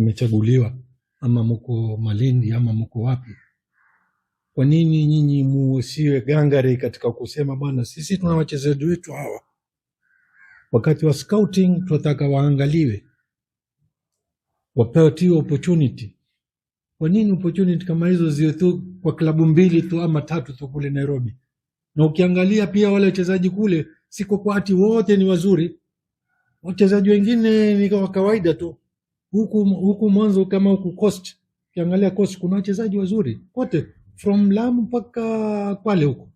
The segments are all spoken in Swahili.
mmechaguliwa ama mko Malindi ama mko wapi? Kwa nini nyinyi musiwe gangari katika kusema bwana, sisi tuna wachezaji wetu hawa, wakati wa scouting tunataka waangaliwe, wapatiwe opportunity. Kwa nini opportunity kama hizo ziwe tu kwa klabu mbili tu ama tatu tu kule Nairobi? Na ukiangalia pia wale wachezaji kule, siko kwa ati wote ni wazuri, wachezaji wengine ni wa kawaida tu huku huku mwanzo kama huku coast ukiangalia coast kuna wachezaji wazuri wote from lam mpaka Kwale huko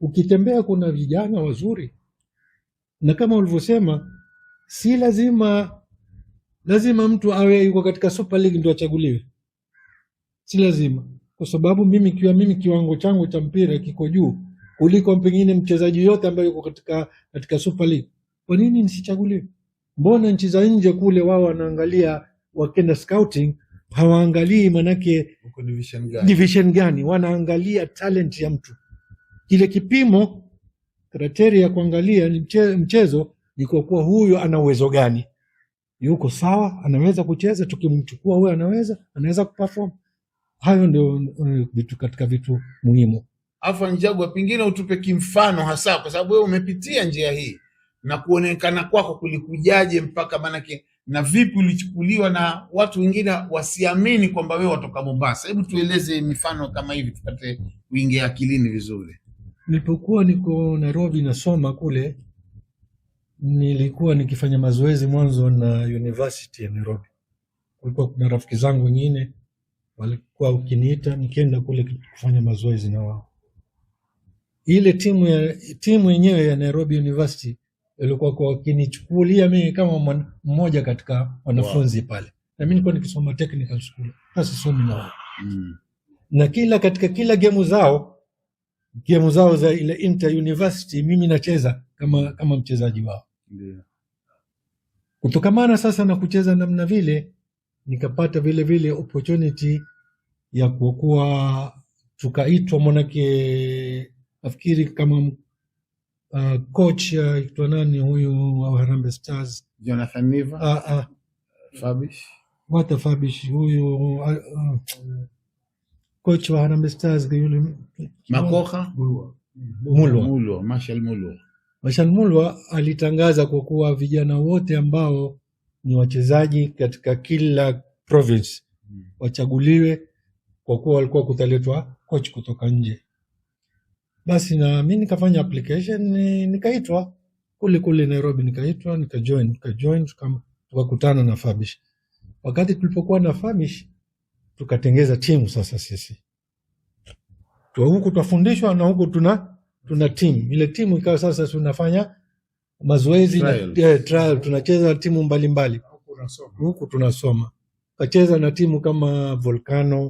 ukitembea kuna vijana wazuri, na kama ulivyosema, si lazima lazima mtu awe yuko katika Super League ndio achaguliwe, si lazima, kwa sababu mimi kiwa mimi kiwango changu cha mpira kiko juu kuliko pengine mchezaji yote ambaye yuko katika katika Super League. Kwa nini nisichaguliwe? Mbona nchi za nje kule wao wanaangalia wakenda scouting hawaangalii manake division gani, division gani, wanaangalia talent ya mtu. Kile kipimo kriteria ya kuangalia ni mchezo ni kwa kuwa huyo ana uwezo gani, yuko sawa, anaweza kucheza, tukimchukua huyo anaweza anaweza kuperform. Hayo ndio eh, vitu katika vitu muhimu. Afu Njagwa, pengine utupe kimfano hasa, kwa sababu wewe umepitia njia hii na kuonekana kwako kulikujaje mpaka manake na vipi ulichukuliwa na watu wengine wasiamini kwamba wewe watoka Mombasa. Hebu tueleze mifano kama hivi tupate kuingia akilini vizuri. Nilipokuwa niko Nairobi nasoma kule, nilikuwa nikifanya mazoezi mwanzo na university ya Nairobi. Kulikuwa kuna rafiki zangu wengine walikuwa ukiniita, nikienda kule kufanya mazoezi na wao. Ile timu ya timu yenyewe ya Nairobi University ilikuwa kwa kinichukulia mimi kama mmoja katika wanafunzi wow. pale na mimi nilikuwa nikisoma technical school sasa somi na wao mm. na kila katika kila gemu zao gemu zao za ile inter university mimi nacheza kama kama mchezaji wao yeah. kutokamana sasa na kucheza namna vile nikapata vile vile opportunity ya kuokuwa tukaitwa mwanake nafikiri kama uh, coach aitwa uh, nani huyu wa Harambee Stars, Jonathan Niva. uh, uh, Fabish Mata Fabish huyu uh, uh, coach wa Harambee Stars yule Makoha Mulwa, Mulwa Marshall Mulwa. Marshall Mulwa alitangaza kwa kuwa vijana wote ambao ni wachezaji katika kila province hmm. wachaguliwe, kwa kuwa walikuwa kutaletwa coach kutoka nje basi na mi nikafanya application nikaitwa kule kule Nairobi, nikaitwa nikajoin, tukajoin tukakutana na Fabish. Wakati tulipokuwa na Fabish tukatengeza timu sasa sisi tu huku twafundishwa na huku tuna tuna timu ile timu ikawa sasa tunafanya mazoezi trial. Na, eh, trial tunacheza timu mbalimbali huku tunasoma tukacheza na timu kama Volcano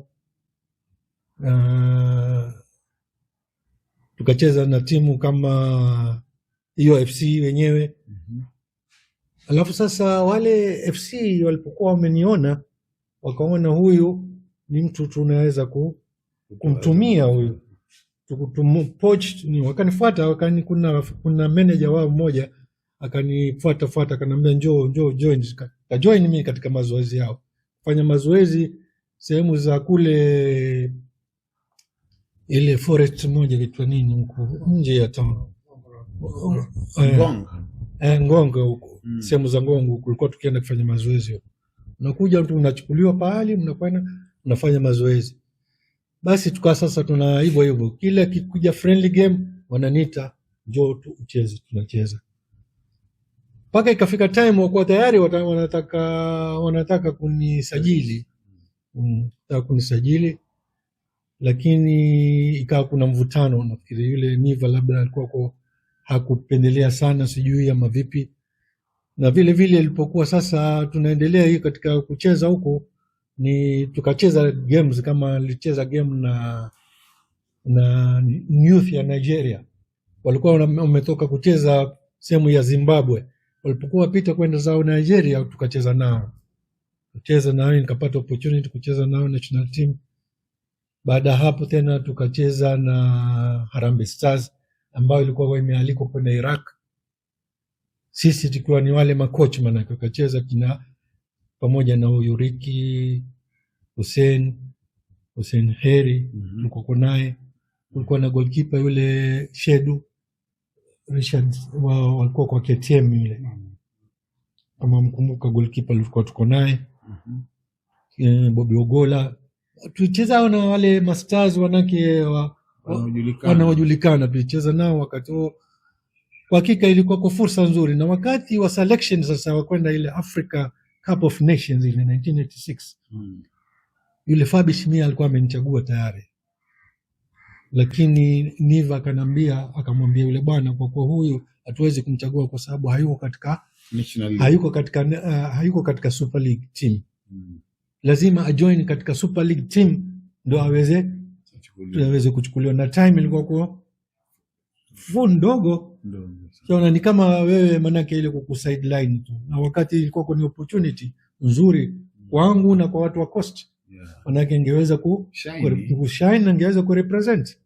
uh, tukacheza na timu kama hiyo FC wenyewe mm -hmm. Alafu sasa wale FC walipokuwa wameniona wakaona huyu ni mtu tunaweza ku, kumtumia huyu tukutupoch ni wakanifuata wakani, kuna, kuna meneja wao mmoja akanifuata fuata akaniambia njoo njoo join ka join mimi katika mazoezi yao fanya mazoezi sehemu za kule ile forest moja ilitwa nini huku nje ya town eh, eh, Ngonga huko mm. sehemu za Ngongo kulikuwa tukienda kufanya mazoezi huko, unakuja mtu unachukuliwa pahali, mnakwenda mnafanya mazoezi. Basi tukawa sasa, tuna hivyo hivyo, kila kikuja friendly game wananita njoo tu ucheze, tunacheza mpaka ikafika time wakuwa tayari wanataka wanataka kunisajili mm. kunisajili lakini ikawa kuna mvutano. Nafikiri yule Niva labda alikuwa hakupendelea sana, sijui ama vipi. Na vile vile ilipokuwa sasa tunaendelea hii katika kucheza huko, ni tukacheza games kama licheza game na na youth ya Nigeria, walikuwa wametoka kucheza sehemu ya Zimbabwe, walipokuwa wapita kwenda zao Nigeria, tukacheza nao, kucheza nao, nikapata opportunity kucheza nao national team baada ya hapo tena tukacheza na Harambe Stars ambayo ilikuwa imealikwa kwenda Iraq, sisi tukiwa ni wale makochi, maanake wakacheza kina pamoja na huyu Riki Hussein Hussein Heri tulikuwa mm -hmm. naye kulikuwa na goalkeeper yule Shedu Richard wa, walikuwa kwa KTM yule kama mkumbuka, goalkeeper alikuwa tuko naye mm -hmm. Eh, Bobi Ogola tulicheza na wale mastars wanake wa, wanaojulikana tulicheza nao wakati huo. Kwa hakika ilikuwa kwa fursa nzuri, na wakati wa selection sasa wakwenda ile Africa Cup of Nations ile 1986 mm. Yule Fabi Shimia alikuwa amenichagua tayari, lakini Niva akaniambia, akamwambia yule bwana, kwa kwa huyu hatuwezi kumchagua kwa sababu hayuko katika hayuko katika, uh, hayuko katika Super League team mm lazima ajoin katika Super League team ndo aweze aweze kuchukuliwa, na time ilikuwa kwa fu ndogo, ona ni kama wewe, manake ile kuku sideline tu, na wakati ilikuwa kwa ni opportunity nzuri kwangu na kwa watu wa Coast, manake ingeweza ku kushine na ingeweza kurepresent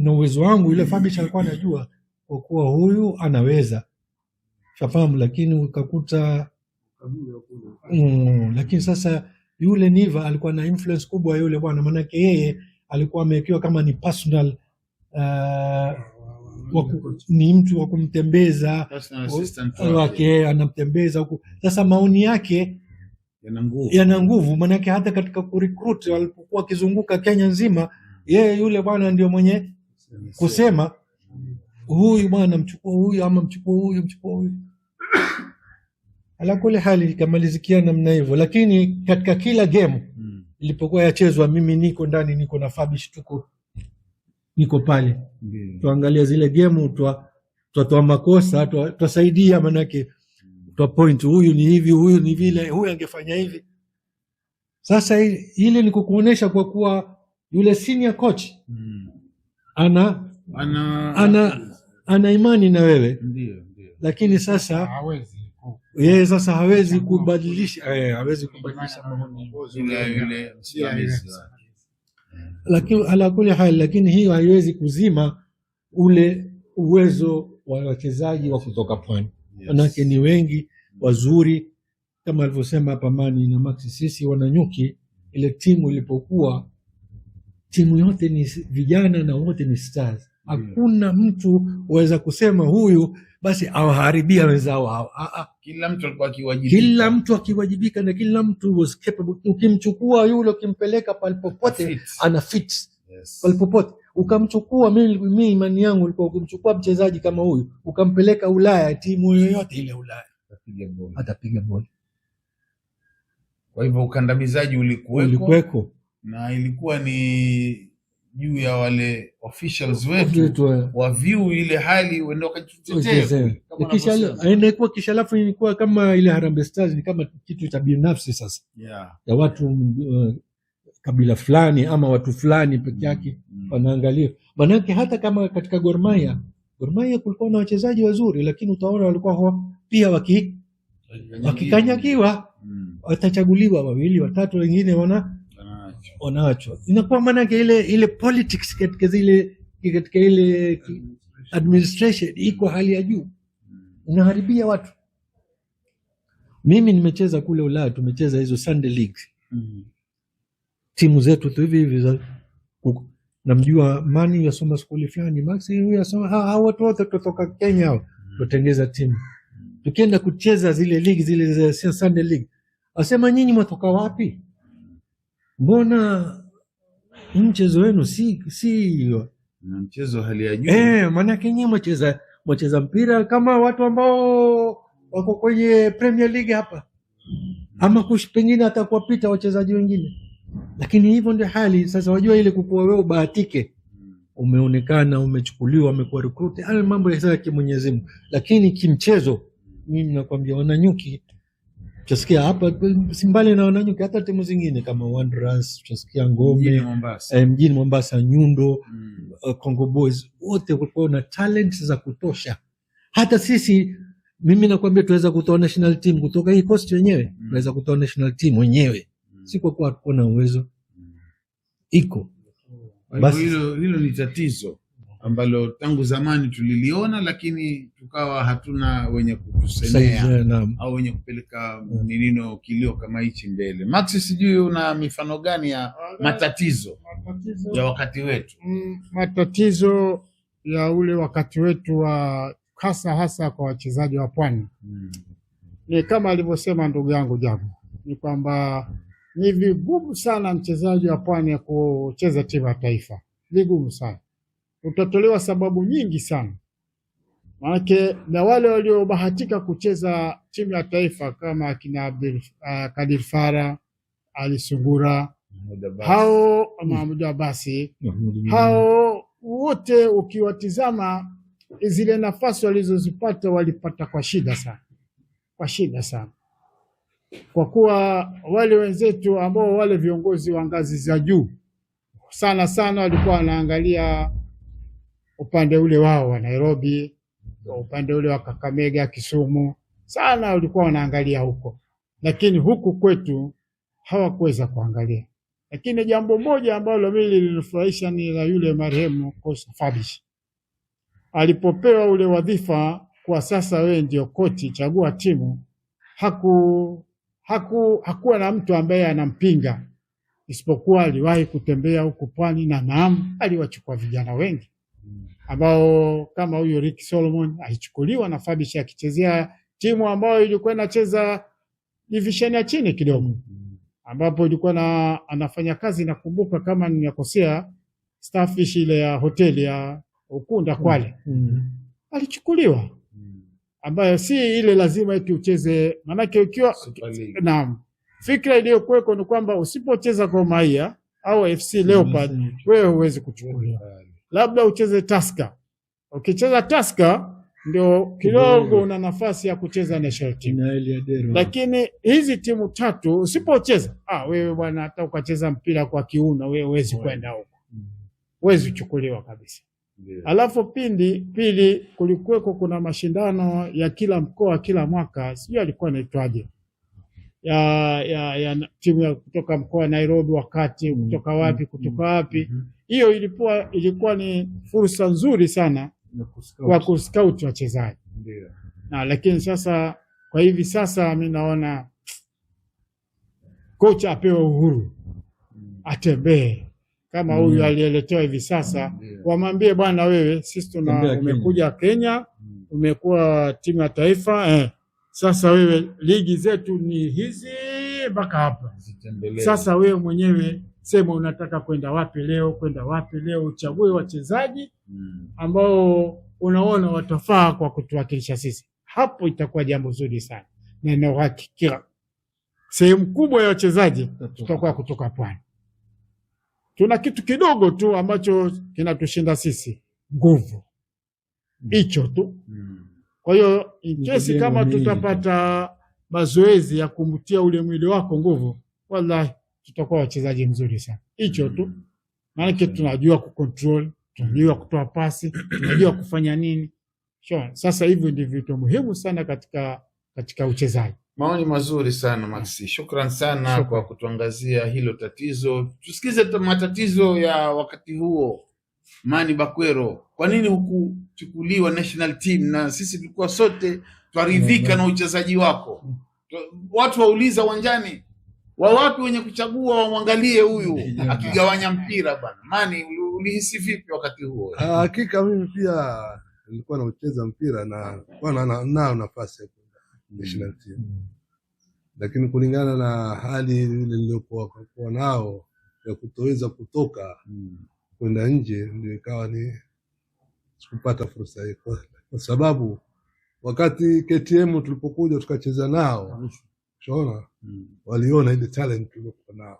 na uwezo wangu, ile Fabish alikuwa anajua kwa kuwa huyu anaweza shafamu, lakini ukakuta Mm, lakini sasa yule Niva alikuwa na influence kubwa yule bwana, maanake yeye alikuwa amewekewa kama ni personal uh, ah, Waku, ni mtu wa kumtembeza wake, anamtembeza huku. Sasa maoni yake yana nguvu, maanake hata katika kurecruit walipokuwa wakizunguka Kenya nzima, yeye yule bwana ndio mwenye kusema huyu bwana mchukua huyu ama mchukua huyu, mchukua huyu ala kule hali ikamalizikia namna hivyo, lakini katika kila gemu mm. ilipokuwa yachezwa, mimi niko ndani, niko na Fabish, tuko niko pale mm. Tuangalia zile gemu twatoa makosa, twasaidia, manake twa point, huyu ni hivi, huyu ni vile, huyu angefanya hivi. Sasa ile ni kukuonesha kwa kuwa yule senior coach mm. ana, ana, ana, ana imani na wewe, ndiyo, ndiyo. Lakini sasa hawezi yeye sasa hawezi kubadilisha eh, hawezi kubadilisha lakini ala kuli hali, lakini hiyo haiwezi kuzima ule uwezo wa wachezaji wa kutoka pwani, manake ni wengi wazuri, kama alivyosema Pamani na Maxi, sisi Wananyuki, ile timu ilipokuwa timu yote ni vijana na wote ni stars Hakuna mtu waweza kusema huyu basi awaharibia wenzao hao. Ah, ah. Kila mtu alikuwa akiwajibika, kila mtu akiwajibika, na kila mtu was capable. Ukimchukua yule ukimpeleka palipopote ana fit yes. Palipopote ukamchukua, mimi imani yangu ilikuwa ukimchukua mchezaji kama huyu ukampeleka Ulaya, timu yoyote ile Ulaya atapiga boli. Kwa hivyo ukandamizaji ulikuweko na ilikuwa ni juu ya wale officials wetu eh. view ile hali wende wakajitetea, eh, eh, inakuwa kisha alafu ilikuwa kama ile Harambee Stars ni kama kitu cha binafsi sasa yeah. ya watu uh, kabila fulani ama watu fulani peke yake mm. mm. wanaangalia manake, hata kama katika gormaya gormaya kulikuwa na wachezaji wazuri, lakini utaona walikuwa ho, pia waki wakikanyakiwa mm. watachaguliwa wawili watatu, wengine wana wanawachwa. Inakuwa maanake ile ile politics katika zile katika ile administration iko hali ya juu, unaharibia watu. Mimi nimecheza kule Ulaya, tumecheza hizo Sunday league mm. timu zetu tu hivi hivi za namjua Mani yasoma skuli fulani, Maxi huyu yasoma, hao watu wote tutoka Kenya hao mm. tutengeza timu tukienda kucheza zile ligi zile za Sunday league, asema nyinyi mwatoka wapi? mm mbona mchezo wenu si si mchezo hali ya juu eh, maanake nyie mwacheza mpira kama watu ambao wako kwenye Premier League hapa, ama kush pengine hata kuwapita wachezaji wengine, lakini hivyo ndio hali sasa. Wajua ile kukuwa wewe ubahatike, umeonekana umechukuliwa, amekuwa recruit, hayo mambo ya Mwenyezi Mungu, lakini kimchezo mimi nakwambia wananyuki utasikia hapa simbali na hata timu zingine kama Wanderers utasikia ngome mjini Mombasa, eh, Nyundo mm. uh, Congo Boys wote kulikuwa na talent za kutosha. Hata sisi mimi nakwambia tunaweza kutoa national team kutoka hii post wenyewe mm. kutoa national team wenyewe mm. si kwakuwa kuwa na uwezo mm. iko. hilo ni tatizo ambalo tangu zamani tuliliona, lakini tukawa hatuna wenye kutusemea au wenye kupeleka ninino kilio kama hichi mbele. Max, sijui una mifano gani ya matatizo, matatizo ya wakati wetu? Mm, matatizo ya ule wakati wetu wa hasa hasa kwa wachezaji wa pwani mm. ni kama alivyosema ndugu yangu Jabu, ni kwamba ni vigumu sana mchezaji wa pwani ya kucheza timu ya taifa, vigumu sana utatolewa sababu nyingi sana, manake na wale waliobahatika kucheza timu ya taifa kama akina Abdul ah, Kadir Fara, Ali Sungura, hao Mahmud Abasi, hao wote ukiwatizama zile nafasi walizozipata walipata kwa shida sana, kwa shida sana, kwa kuwa wale wenzetu ambao wale viongozi wa ngazi za juu sana sana walikuwa wanaangalia upande ule wao wa Nairobi, upande ule wa Kakamega, Kisumu, sana walikuwa wanaangalia huko, lakini huku kwetu hawakuweza kuangalia. Lakini jambo moja ambalo mimi lilinifurahisha ni la yule marehemu Kosta Fabish alipopewa ule wadhifa, kwa sasa wewe ndio koti, chagua timu. Haku, haku, hakuwa na mtu ambaye anampinga isipokuwa aliwahi kutembea huku pwani, na naam, aliwachukua vijana wengi ambao kama huyu Rick Solomon alichukuliwa na Fabish akichezea timu ambayo ilikuwa inacheza division ya chini kidogo, ambapo ilikuwa na anafanya kazi, nakumbuka kama nimekosea, Starfish ile ya hoteli ya Ukunda Kwale, mm-hmm. alichukuliwa ambayo si ile lazima eti ucheze, maanake ukiwa naam, fikra iliyokuweko ni kwamba usipocheza kwa Maia au FC Leopard, mm-hmm. wewe huwezi kuchukuliwa labda ucheze Taska. Ukicheza Taska ndio kidogo una nafasi ya kucheza national team, lakini hizi timu tatu usipocheza, ah, wewe bwana, hata ukacheza mpira kwa kiuno wewe huwezi kwenda huko, huwezi kuchukuliwa kabisa. Yeah. Alafu pindi pili kulikuweko kuna mashindano ya kila mkoa kila mwaka, sijui alikuwa anaitwaje ya, ya, ya timu ya kutoka mkoa wa Nairobi wakati mm. kutoka wapi kutoka mm. wapi mm -hmm hiyo ilikuwa, ilikuwa ni fursa nzuri sana wa kuskauti wachezaji na, lakini sasa kwa hivi sasa mi naona kocha apewe uhuru atembee kama huyu mm. alieletewa hivi sasa mm. wamwambie bwana, wewe sisi tuna umekuja Kenya mm. umekuwa timu ya taifa eh. Sasa wewe ligi zetu ni hizi mpaka hapa, sasa wewe mwenyewe sema unataka kwenda wapi leo, kwenda wapi leo, uchague wachezaji ambao unaona watafaa kwa kutuwakilisha sisi. Hapo itakuwa jambo zuri sana, na inauhakikia sehemu kubwa ya wachezaji tutakuwa kutoka Pwani. Tuna kitu kidogo tu ambacho kinatushinda sisi, nguvu, hicho tu. Kwa hiyo kesi kama tutapata mazoezi ya kumtia ule mwili wako nguvu, wallahi tutakuwa wachezaji mzuri sana. Hicho tu mm. maanake, tunajua kucontrol, tunajua mm. kutoa pasi, tunajua kufanya nini. Sasa hivyo ndi vitu muhimu sana katika katika uchezaji. Maoni mazuri sana Maxi, shukran sana shukran. kwa kutuangazia hilo tatizo. Tusikize matatizo ya wakati huo. Mani Bakwero, kwa nini hukuchukuliwa national team? Na sisi tulikuwa sote twaridhika mm. na uchezaji wako, watu wauliza uwanjani wa watu wenye kuchagua wamwangalie huyu akigawanya mpira bwana. Mani, ulihisi vipi wakati huo? Ah, hakika mimi pia nilikuwa naucheza mpira na nao nafasi ya national team, mm. lakini kulingana na hali ile niliyokuwa nao ya kutoweza kutoka mm. kwenda nje, ndio ikawa ni sikupata fursa hiyo, kwa sababu wakati KTM tulipokuja tukacheza nao shaona mm. waliona ile talent tuliokuwa nao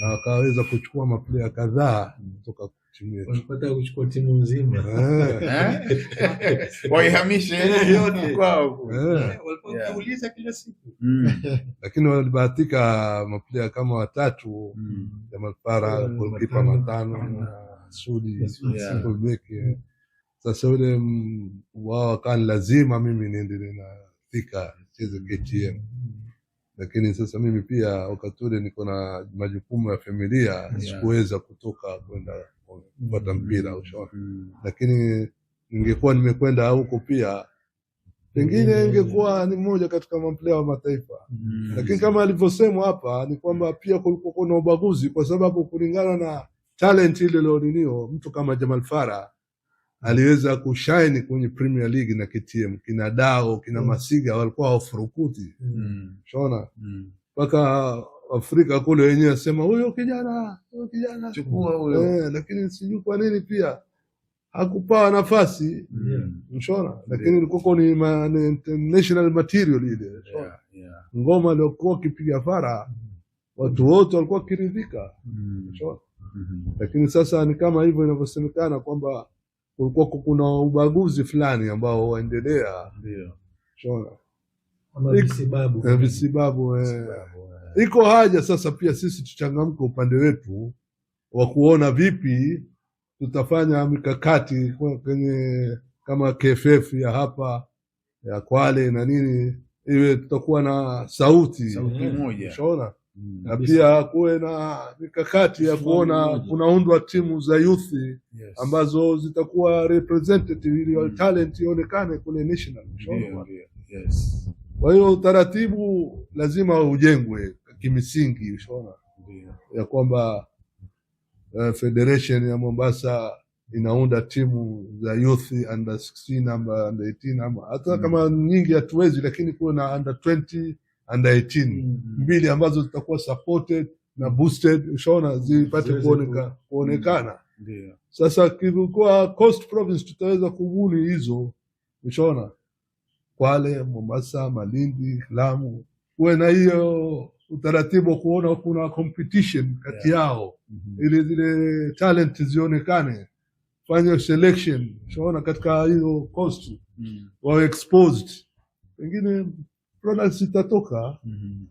na wakaweza kuchukua maplaya kadhaa kutoka timu yetu. Wanataka kuchukua timu nzima eh. Eh? waihamishe yote kwao, eh. waliuliza kila siku, mm. lakini walibahatika maplaya kama watatu, ya mm. mafara golkipa matano, Sudi Beki. Sasa ule mm, wao kan lazima mimi niendelee na Thika nicheze KTM, lakini sasa mimi pia wakati ule niko na majukumu ya familia yeah. Sikuweza kutoka kwenda kupata mm-hmm. mpira ushauri mm. Lakini ningekuwa nimekwenda huko pia pengine mm-hmm. ingekuwa ni mmoja katika maplea wa mataifa mm. Lakini kama alivyosemwa hapa ni kwamba pia kulikuwa kuna ubaguzi, kwa sababu kulingana na talent ile ilioniniwa mtu kama Jamal Farah aliweza kushaini kwenye Premier League na KTM, kina Dao, kina mm. Masiga walikuwa wafurukuti mm. shona mm. mpaka mm. Afrika kule wenyewe asema huyo kijana huyo kijana chukua eh, huyo eh, lakini sijui kwa nini pia hakupawa nafasi mm. mshona, lakini ilikuwa ni ma, national material ile yeah, yeah. ngoma aliokuwa akipiga fara mm. watu wote walikuwa wakiridhika mm. mm -hmm. lakini sasa ni kama hivyo inavyosemekana kwamba kulikuwa kuna ubaguzi fulani ambao waendelea, ndio unaona visibabu eh, eh. Eh. iko haja sasa pia sisi tuchangamke upande wetu wa kuona vipi tutafanya mikakati kwenye kama KFF ya hapa ya Kwale na nini, iwe tutakuwa na sauti sauti moja, Mm. na pia kuwe na mikakati ya kuona kunaundwa timu za youthi yes, ambazo zitakuwa representative ili mm, talent ionekane kule national. yeah, Yes. Kwa hiyo utaratibu lazima ujengwe kimisingi ushaona yeah. ya kwamba uh, federation ya Mombasa inaunda timu za youth under 16 ama under 18 ama hata mm, kama nyingi hatuwezi, lakini kuwe na under 20 under 18 mm. mbili ambazo zitakuwa supported na boosted, ushaona zipate kuoneka, kuonekana. Mm. sasa kilikuwa Coast Province tutaweza kubuni hizo, ushaona Kwale, Mombasa, Malindi, Lamu, uwe na hiyo utaratibu kuona kuna competition kati yao yeah. Mm-hmm. ili zile talent zionekane, fanya selection, ushaona katika hiyo coast mm. wawe exposed pengine Ronald itatoka mm -hmm.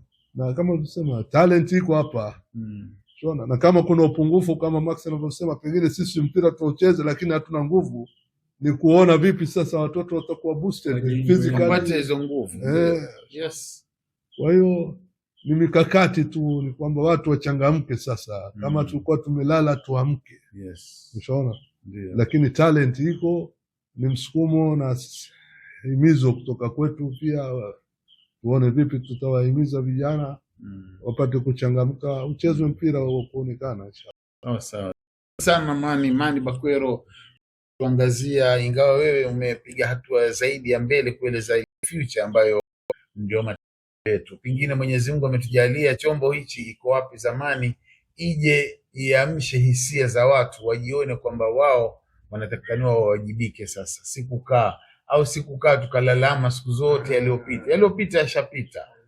na kama ulivyosema talent iko hapa mm. -hmm. na kama kuna upungufu kama Max anavyosema, pengine sisi mpira tuocheze, lakini hatuna nguvu ni kuona vipi sasa watoto watakuwa boosted physically wapate hizo nguvu. Eh, yes. Kwa hiyo ni mikakati tu, ni kwamba watu wachangamke sasa. mm -hmm. tulikuwa tumelala tuamke, yes. Mshaona, yeah. Lakini talent iko, ni msukumo na himizo kutoka kwetu pia tuone vipi tutawahimiza vijana mm. wapate kuchangamka, uchezwe mpira wa kuonekana. Oh, sawa sana Mani Mani Bakwero, tuangazia, ingawa wewe umepiga hatua zaidi ya mbele kueleza future ambayo ndio yetu, pengine Mwenyezi Mungu ametujalia chombo hichi iko wapi zamani, ije iamshe hisia za watu wajione kwamba wao wanatakikaniwa wawajibike sasa, si kukaa au siku kukaa tukalalama siku zote yaliyopita. Yaliyopita yashapita,